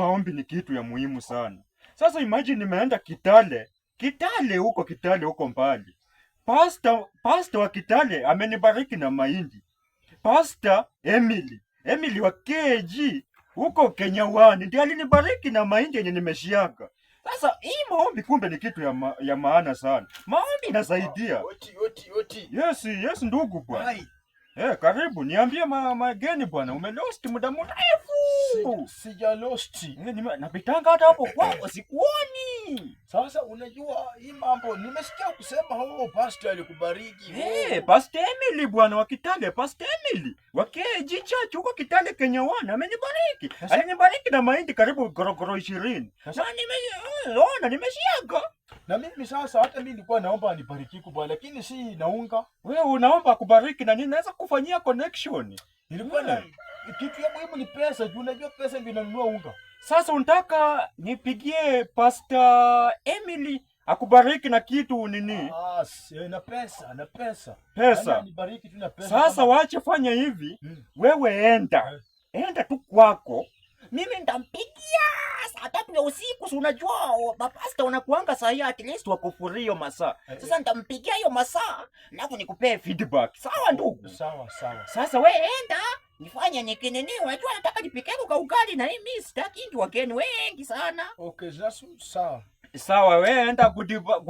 maombi ni kitu ya muhimu sana. Sasa imagine nimeenda Kitale, Kitale huko, Kitale huko mbali. Pastor, pastor wa Kitale amenibariki na mahindi. Pastor Emily, Emily wa KG huko Kenya wani ndiye alinibariki na mahindi yenye nimeshiaga. Sasa hii maombi kumbe ni kitu ya, ma, ya maana sana. Maombi inasaidia. Oti, oti, oti. Yes, yes ndugu bwana. Eh, karibu niambie mageni bwana, umelost muda mrefu. Sija lost. Eh, napitanga hata hapo kwako sikuoni. Sasa unajua hii mambo nimesikia kusema huo pastor alikubariki. Eh, pastor Emily bwana wa Kitale, pastor Emily. Wakeji church huko Kitale Kenya wana amenibariki. Alinibariki na mahindi karibu gorogoro 20. Sasa nimeona eh, nimeshiaga. Na mimi sasa hata mimi nilikuwa naomba anibariki kubwa, lakini si naunga. Wewe unaomba kubariki na nini? Naweza kufanyia connection. Nilikuwa na hmm. kitu ya muhimu ni pesa, juu unajua pesa ndio inanunua unga. Sasa unataka nipigie Pastor Emily akubariki na kitu nini? Ah, eh, na pesa, na pesa. Pesa. anibariki tu na pesa. Sasa wache fanya hivi. Hmm. Wewe enda. Eh. Enda tu kwako. Mimi nitampiga vya usiku, si unajua oh, mapasta wanakuanga hii, at least hiyo masaa. Eh, Sasa eh. nitampigia hiyo masaa nako nikupee feedback, sawa oh, ndugu? Sawa sawa. Sasa we enda nifanya nikinini, unajua nataka nipike kwa ugali na mimi sitaki ndio wageni wengi sana. Okay, sawa. Sawa, we enda good